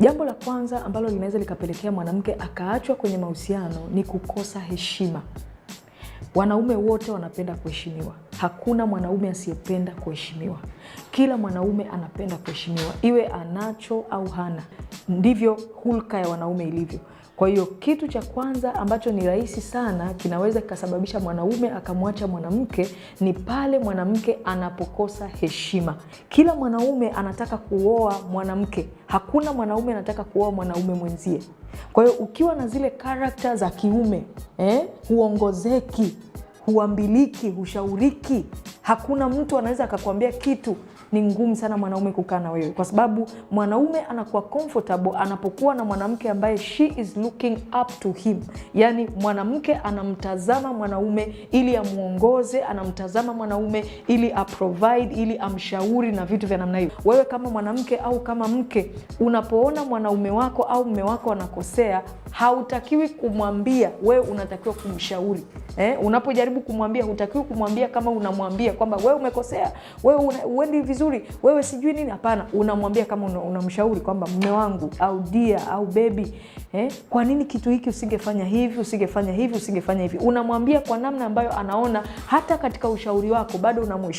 Jambo la kwanza ambalo linaweza likapelekea mwanamke akaachwa kwenye mahusiano ni kukosa heshima. Wanaume wote wanapenda kuheshimiwa. Hakuna mwanaume asiyependa kuheshimiwa. Kila mwanaume anapenda kuheshimiwa, iwe anacho au hana. Ndivyo hulka ya wanaume ilivyo. Kwa hiyo kitu cha kwanza ambacho ni rahisi sana kinaweza kikasababisha mwanaume akamwacha mwanamke ni pale mwanamke anapokosa heshima. Kila mwanaume anataka kuoa mwanamke, hakuna mwanaume anataka kuoa mwanaume mwenzie. Kwa hiyo ukiwa na zile karakta za kiume eh, huongozeki, huambiliki, hushauriki, Hakuna mtu anaweza akakwambia kitu. Ni ngumu sana mwanaume kukaa na wewe, kwa sababu mwanaume anakuwa comfortable anapokuwa na mwanamke ambaye she is looking up to him, yani mwanamke anamtazama mwanaume ili amwongoze, anamtazama mwanaume ili aprovide, ili amshauri na vitu vya namna hiyo. Wewe kama mwanamke au kama mke, unapoona mwanaume wako au mme wako anakosea hautakiwi kumwambia wewe, unatakiwa kumshauri eh. Unapojaribu kumwambia, hutakiwi kumwambia kama unamwambia kwamba wewe umekosea, wewe uendi vizuri, wewe sijui nini. Hapana, unamwambia kama unamshauri una kwamba mme wangu au dia au bebi eh, kwa nini kitu hiki usingefanya hivi, usingefanya hivi, usingefanya hivi. Unamwambia kwa namna ambayo anaona hata katika ushauri wako bado unamheshimu.